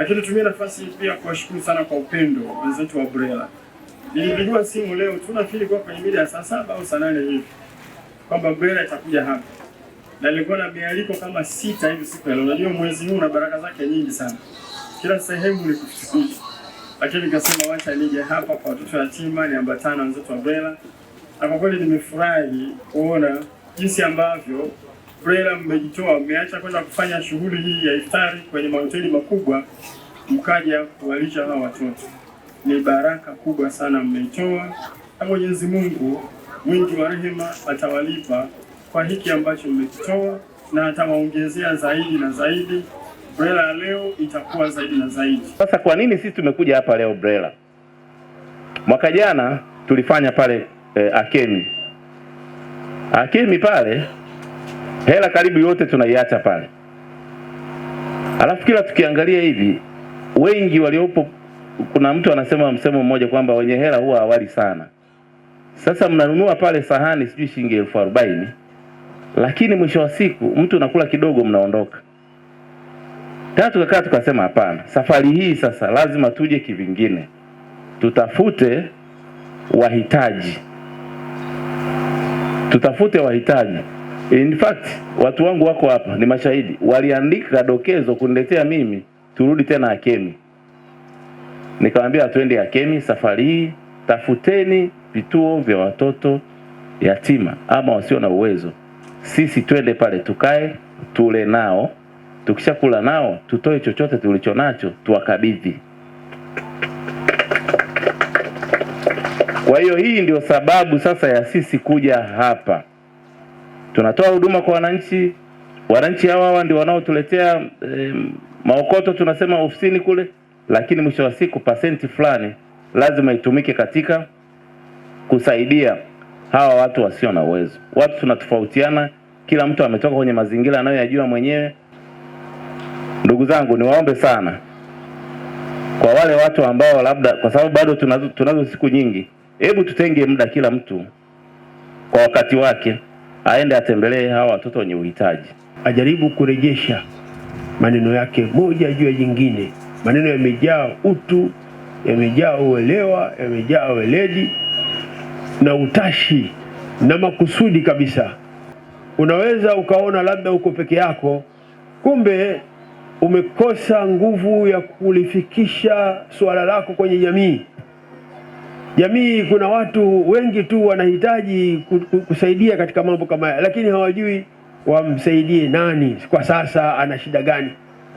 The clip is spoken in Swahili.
Lakini tumia nafasi pia kuwashukuru sana kwa upendo wenzetu wa Brela. Nilipigiwa simu leo, tunafikiri kwa kwenye mida ya saa saba au saa nane hivi kwamba Brela itakuja hapa, na nilikuwa na mialiko kama sita hivi siku leo. Unajua mwezi huu na baraka zake nyingi sana, kila sehemu ni kufikiri. lakini nikasema wacha nije hapa kwa watoto yatima, niambatana wenzetu wa Brela, na kwa kweli nimefurahi kuona jinsi ambavyo BRELA mmejitoa, mmeacha kwenda kufanya shughuli hii ya iftari kwenye mahoteli makubwa, mkaja kuwalisha hawa watoto. Ni baraka kubwa sana mmeitoa, na Mwenyezi Mungu mwingi wa rehema atawalipa kwa hiki ambacho mmekitoa, na atawaongezea zaidi na zaidi. BRELA leo itakuwa zaidi na zaidi. Sasa kwa nini sisi tumekuja hapa leo BRELA? Mwaka jana tulifanya pale eh, Akemi Akemi pale hela karibu yote tunaiacha pale. Alafu kila tukiangalia hivi, wengi waliopo, kuna mtu anasema msemo mmoja kwamba wenye hela huwa hawali sana. Sasa mnanunua pale sahani sijui shilingi elfu arobaini lakini mwisho wa siku mtu unakula kidogo, mnaondoka tatu. kakaa tukasema hapana, safari hii sasa lazima tuje kivingine, tutafute wahitaji, tutafute wahitaji. In fact watu wangu wako hapa, ni mashahidi, waliandika dokezo kuniletea mimi turudi tena akemi Nikamwambia hatuende akemi safari hii, tafuteni vituo vya watoto yatima ama wasio na uwezo, sisi twende pale tukae, tule nao, tukisha kula nao tutoe chochote tulicho nacho tuwakabidhi. Kwa hiyo hii ndio sababu sasa ya sisi kuja hapa tunatoa huduma kwa wananchi. Wananchi hawa hawa ndio wanaotuletea e, maokoto tunasema ofisini kule, lakini mwisho wa siku pasenti fulani lazima itumike katika kusaidia hawa watu wasio na uwezo. Watu tunatofautiana, kila mtu ametoka kwenye mazingira anayoyajua mwenyewe. Ndugu zangu, niwaombe sana kwa wale watu ambao labda, kwa sababu bado tunazo, tunazo siku nyingi, hebu tutenge muda kila mtu kwa wakati wake aende atembelee hawa watoto wenye uhitaji, ajaribu kurejesha maneno yake moja juu ya jingine. Maneno yamejaa utu, yamejaa uelewa, yamejaa weledi na utashi na makusudi kabisa. Unaweza ukaona labda uko peke yako, kumbe umekosa nguvu ya kulifikisha suala lako kwenye jamii jamii kuna watu wengi tu wanahitaji kusaidia katika mambo kama haya, lakini hawajui wamsaidie nani, kwa sasa ana shida gani.